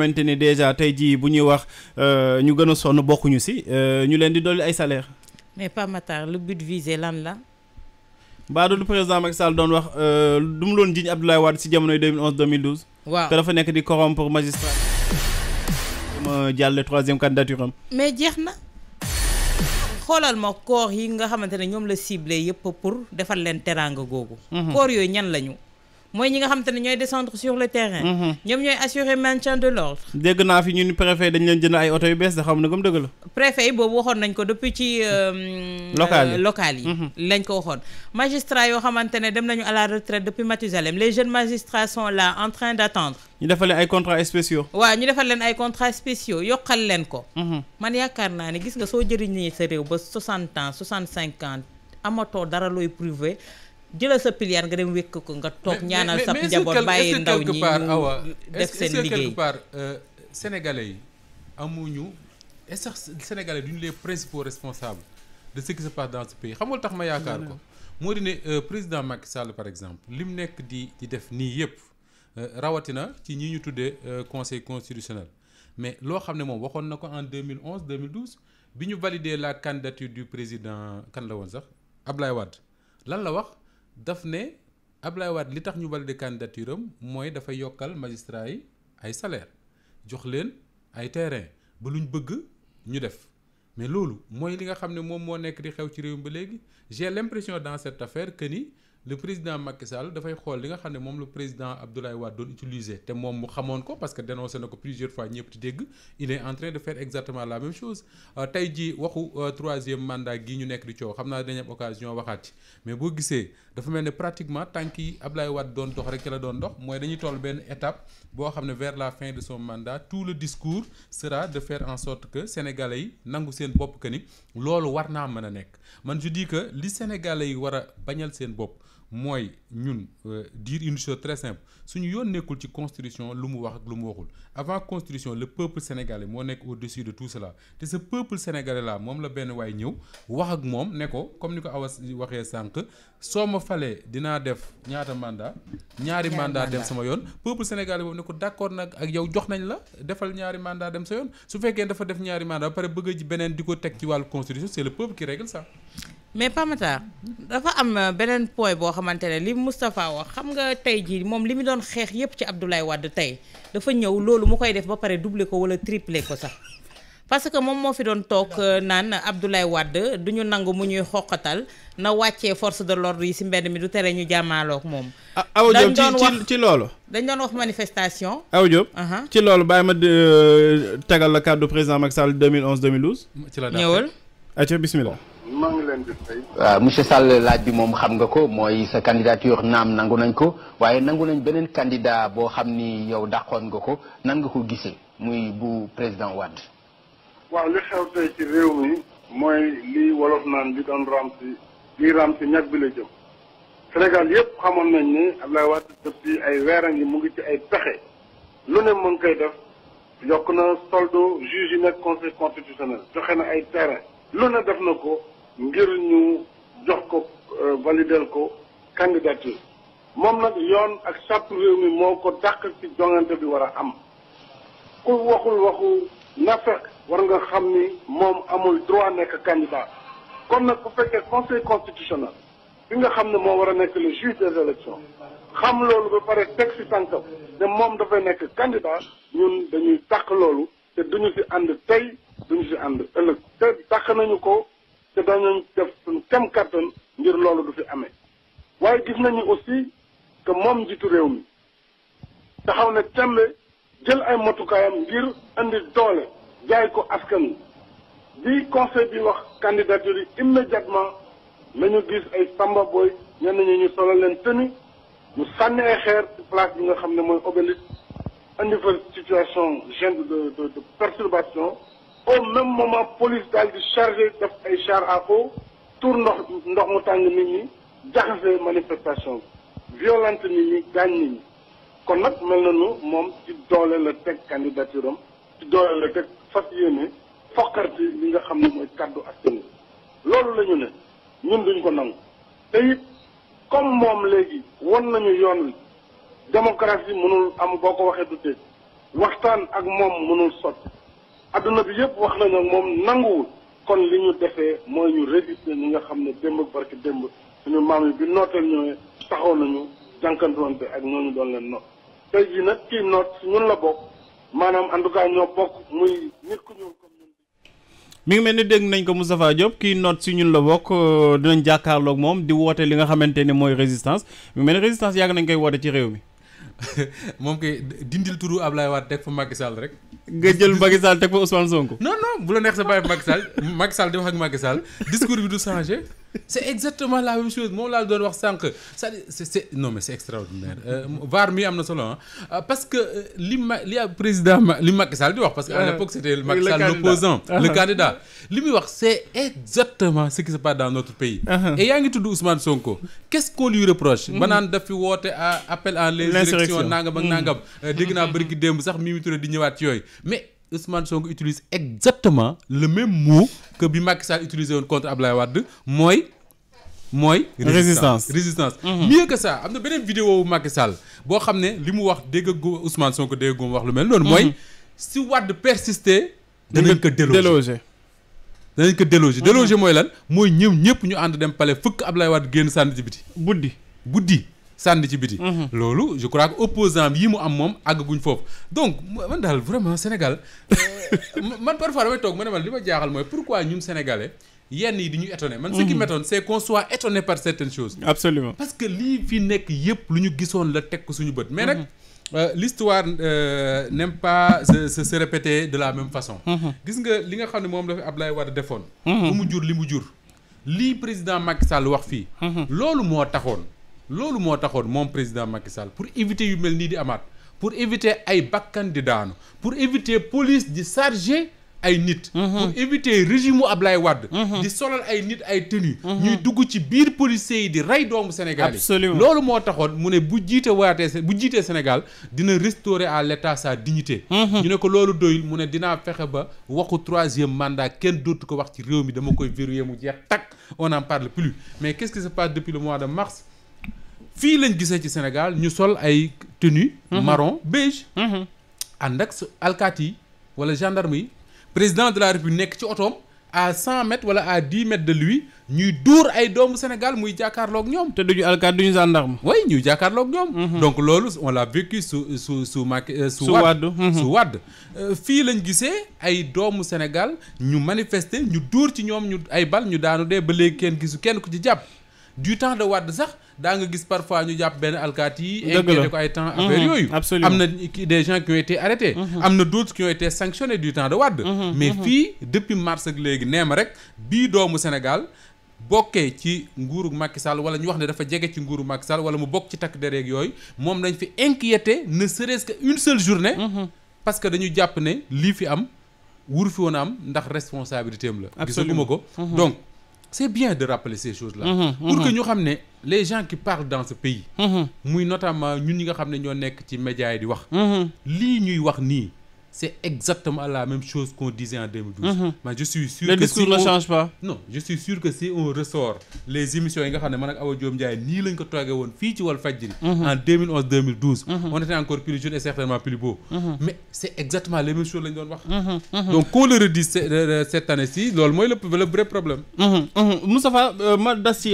xamante ni déjà tey jii bu ñuy wax euh, ñu gën a sonn bokkuñu si euh, ñu leen di dolli ay salaire mais Pape Matar le but visé lan la baadu lu président Macky Sall doon wax euh, du mu loon jiñ Abdoulaye Wade si jamonoy 2011 2012 waaw que dafa nekk di corrompre magistrat ma jàlle troisième candidature am mais jeex na xoolal ma koor yi nga xamante ne ñoom la ciblé yëpp pour defal leen teraanga googu koor mhm. yooyu ñan lañu mooy ñi nga xam te ne ñooy descendre sur le terrain. Mhm. ñoom ñooy assurer maintien de l'ordre dégg naa fi ñu ni préfet dañ leen jënd ay oto yu bees da xam ne la. préfet yi boobu euh, yi euh, mhm. lañ ko waxoon magistrat yoo xamante ne dem nañu à la retraite depuis Mathusalem les jeunes magistrats sont là d'attendre. ñu defal ay contrats spéciaux. waaw ñu defal ay contrats spéciaux yokkal leen ko. Mhm. man yaakaar naa ne gis nga soo jëriñee sa réew ba 60 ans 65 jëlal sa pilière nga dem wékk ko nga toog ñaanal sa njaboot bàyyi ndaw ñi ñu def seen liggéey quelque part euh, sénégalais yi amuñu est-ce que sénégalais duñu les principaux responsables de ce qui se passe dans pays xam nga tax ma yaakaar ko moo di ne euh, président Macky Sall par exemple lim nekk di di def nii yëpp euh, rawatina ci ñii ñu tuddee conseil constitutionnel mais loo xam ne moom waxoon na ko en 2011 2012 bi ñu valider la candidature du président kan la woon sax lay Wade lan la wax daf ne Ablaye Wade li tax ñu valider candidature am mooy dafa yokkal magistrat yi ay salaire jox leen ay terrain ba lu luñ bëgg ñu def mais loolu mooy li nga xam ne moom moo nekk di xew ci réew mi ba léegi j'ai l'impression dans cette affaire que ni le président Macky Sall dafay xool li nga xam ne moom le président Abdoulaye Wade doon utiliser te moom mu xamoon ko parce que dénoncé na ko plusieurs fois ñëpp di dégg il est en de faire exactement la même chose euh, tey jii waxu euh, troisième mandat gi ñu nekk di coow xam naa dañu am occasion waxaat ci mais boo gisee dafa mel ne pratiquement tànk yi Abdoulaye Wade doon dox rek ci la doon ndox mooy dañuy toll benn étape boo xam ne vers la fin de son mandat tout le discours sera de faire en sorte que sénégalais yi nangu seen bopp que ni loolu naa mën a nekk man je dis que li sénégalais yi war a bañal seen bopp. mooy ñun euh, dire une chose très simple suñu yoon nekkul ci constitution lu mu wax ak lu mu waxul avant constitution le peuple sénégalais moo nekk au-dessus de tout cela te sa peuple sénégalais là moom la benn waay ñëw wax ak moom ne ko comme ni ko Awa waxee sànq soo ma falee dinaa def ñaata mandat ñaari mandat dem sama yoon peuple sénégalais boobu ne ko d'accord nag ak yow jox nañ la defal ñaari mandat dem sa yoon su fekkee dafa def ñaari mandat ba pare bëgg ji beneen di ko teg ci wàllu constitution c'est le peuple qui règle ça mais Pape dafa am euh, beneen point boo xamante ne li Moustapha wax xam nga tey jii moom li muy doon xeex yépp ci Abdoulaye Wade tey dafa ñëw loolu mu koy def ba pare doubler ko wala tripler ko sax parce que moom moo fi doon toog euh, naan Abdoulaye Wade du ñu nangu mu ñuy xoqatal na wàccee force de l'ordre yi si mbedd mi du tere ñu jàmmaaloog moom. Ah, aw Diop ci loolu. dañ doon wax manifestation. aw Diop. Uh-huh. ci loolu bàyyi ma euh, tagal la kàddu président Macky Sall 2011 2012. ci la ñëwal. ayca bismillah. waaw euh, monsieur Sall laaj bi moom xam nga ko mooy sa candidature naam nangu nañ ko waaye nangu nañ beneen candidat boo xam ni yow dàqoon nga ko nan nga ko gisee muy bu président Wade. waaw li xew tey ci réew mi mooy lii wolof naan li doon raam ci lii raam ci ñag bi la jëm. Sénégal yëpp xamoon nañ ni Abdoulaye Wade depuis ay weer a ngi mu ngi ci ay pexe lu ne mu ngi koy def yokk na soldo juge yi nekk conseil constitutionnel joxe na ay terrain lu ne def na ko. ngir ñu jox ko euh, validel ko candidature moom nag yoon ak sàttu réew mi moo ko dàq ci joŋante bi war a am ku waxul waxu nafeq war nga xam ni moom amul droit nekk candidat kon nag bu fekkee conseil constitutionnel bi nga xam ne moo war a nekk le juge des élections xam loolu ba pare teg ci tànkam ne moom dafay nekk candidat ñun dañuy dàq loolu te duñu ci ànd tey duñu ci ànd ëllëg te dàq nañu ko te danañ def suñ kem kàttan ngir loolu du fi amee waaye gis nañu aussi que moom njiitu réew mi taxaw ne tembe jël ay motukaayam ngir indi doole jaay ko askan bi conseil bi wax candidature yi immédiatement la ñu gis ay samba booy ñenn ñi ñu solo leen tëni ñu sànni ay xeer ci place bi nga xam ne mooy obélisque indi fa situation gêne de de perturbation au même moment police daal di chargé ay char à eau tour ndox ndox mu tàng nit ñi jaxase manifestation bi violente nit ñi gaañ nit ñi kon nag mel na nu moom ci doole la teg candidature am ci doole la teg fas yéene fokkarti li nga xam ne mooy kàddu askan loolu lañu ne ñun duñ ko nangu te it comme moom léegi won nañu yoon wi démocratie mënul am boo ko waxee du tëj waxtaan ak moom mënul sot adduna bi yëpp wax nañu ak moom nanguwul kon li ñu defee mooy ñu résister ñi nga xam ne démb ak barki démb suñu maam yi bi nooteel ñooy taxaw nañu bi ak ñooñu doon leen noot tey jii nag kii noot si ñun la bokk maanaam en tout cas ñoo bokk muy nit ku ñuul comme ñun. mi ngi mel ni dégg nañ ko Moustapha Diop kii noot si ñun la bokk dinañ jàkkaarloog moom di woote li nga xamante ne mooy résistance mi ngi mel ni résistance yàgg nañ koy woote ci réew mi. moom kay dindil turu Ablaye Wade teg fa Macky Sall rek. nga jël Macky Sall teg fa Ousmane Sonko. non non bu la neex sa bàyyi Macky Sall Macky Sall di wax ak Macky Sall discours bi du changé. c'est exactement la même chose moom laa doon wax sànq c'est c'est non mais c'est extraordinaire euh, VAR mi am na solo ah parce que euh, li ma li président li Macky Sall di wax parce que à l'époque c'était Macky Sall l'opposant uh-huh. le candidat li muy wax c'est exactement ce qui se passe dans notre pays uh-huh. et yaa ngi tudd Ousmane Sonko qu'est-ce qu'on lui reproche mm-hmm. ba naan daf woote à appel à l'insurrection nangam ak mm-hmm. nangam dégg naa bërigi démb sax Mimi Touré di ñëwaat yooyu mais Ousmane Sonko utilise exactement le même mot que bi Macky Sall utilisé woon ab Ablaye Wade mooy. mooy résistance résistance. Mhm. mieux que sax am na beneen vidéo wu Macky Sall boo xam ne li mu wax dégg gu Ousmane Sonko dégg gu mu wax lu mel noonu. mooy mhm. si Wade persister. danañ ko déloger danañ ko déloger. déloger mhm. mooy lan mooy ñëw ñëpp ñu ànd dem palais fëkk Ablaye Wade génn sànni ci biti buddi buddi. sànni ci biti. Mhm. loolu je crois que opposant yi mu am moom àggaguñ foofu donc man daal vraiment Sénégal euh, man parfois damay toog ma ne ma li ma jaaxal mooy pourquoi ñun sénégalais. yenn yi di ñu étonné man ce qui mhm. m'étonne c'est qu'on soit étonné par certaines choses absolument parce que lii fi nekk yëpp lu ñu gisoon la teg suñu bët mais nag mhm. euh, l'histoire euh, n'aime pas se se répéter de la même façon gis nga li nga xam ne moom la fi Abdoulaye Wade defoon lu mu jur li mu jur lii président Macky Sall wax fii loolu moo taxoon loolu moo taxoon moom président Macky Sall pour éviter yu mel nii di amaat pour éviter ay bakkan di daanu pour éviter police di charger ay nit. Mhm. pour éviter régime mu Ablaye wadd mhm. di solal ay nit ay tenue mhm. ñuy dugg ci biir policiers yi di rey doomu Sénégal yi. loolu moo taxoon mu ne bu jiite waatee bu jiitee Sénégal dina restaurer à l'état sa dignité. ñu ne ko loolu doyul mu ne dinaa fexe ba waxu troisième mandat kenn dootu ko wax ci réew mi dama koy verrouiller mu jeex takk on n'en mois de mars. fii lañ gisee ci Sénégal ñu sol ay tenue mhm. marron beige. Mhm. ànd ak alkaati yi wala gendarme yi président de la république nekk ci otom à cent mètres wala à dix mètres de lui ñuy dóor ay doomu Sénégal muy jàkkaarlook ñoom. te du duñu alkaati duñu gendarme. oui ñuy jàkkaarloog ñoom. Mhm. donc loolu on l'a vécu su su su mak su wàdd fii lañ gisee ay doomu Sénégal ñu manifester ñu duur ci ñoom ñu ay bal ñu daanu dee ba léegi kenn gisu kenn ku ci jàpp. du temps de Wade sax daa nga gis parfois ñu jàpp benn alkaati yi. dëgg ko ay temps mhm. affaire yooyu. absolument am na des gens qui ont été arrêtés. Mhm. am na d'autres qui ont été sanctionnés du temps de Wade. Mhm. mais fii depuis mars ak léegi neem rek bii doomu Sénégal. bokkee ci nguuru Macky Sall wala ñu wax ne dafa jege ci nguuru Macky Sall wala mu bokk ci takk dereeg yooyu moom dañ fi inquiété ne serait-ce qu'une seule journée. parce que dañu jàpp ne lii fi am wur fi woon am ndax responsabilité am la. gisaguma ko donc. c'est bien de rappeler ces choses-là. Mm-hmm, mm-hmm. pour que ñu xam ne les gens qui parlent dans ce pays. Mm-hmm. muy notamment ñun ñi nga xam ne ñoo nekk ci médias di wax. lii ñuy wax nii. c'est exactement la même chose qu'on disait en 2012. Mmh. mais je suis sûr suis que si on ressort les émissions yi nga xam ne man ak Awa Diop Ndiaye nii lañ ko toogee woon fii ci Walfadjri. Mm-hmm. en 2011 2012. Mm-hmm. on était encore plus jeune mm-hmm. lañ doon wax. donc qu'on le redise euh, cette année-ci loolu mooy le vrai problème. Moustapha euh, ma das ci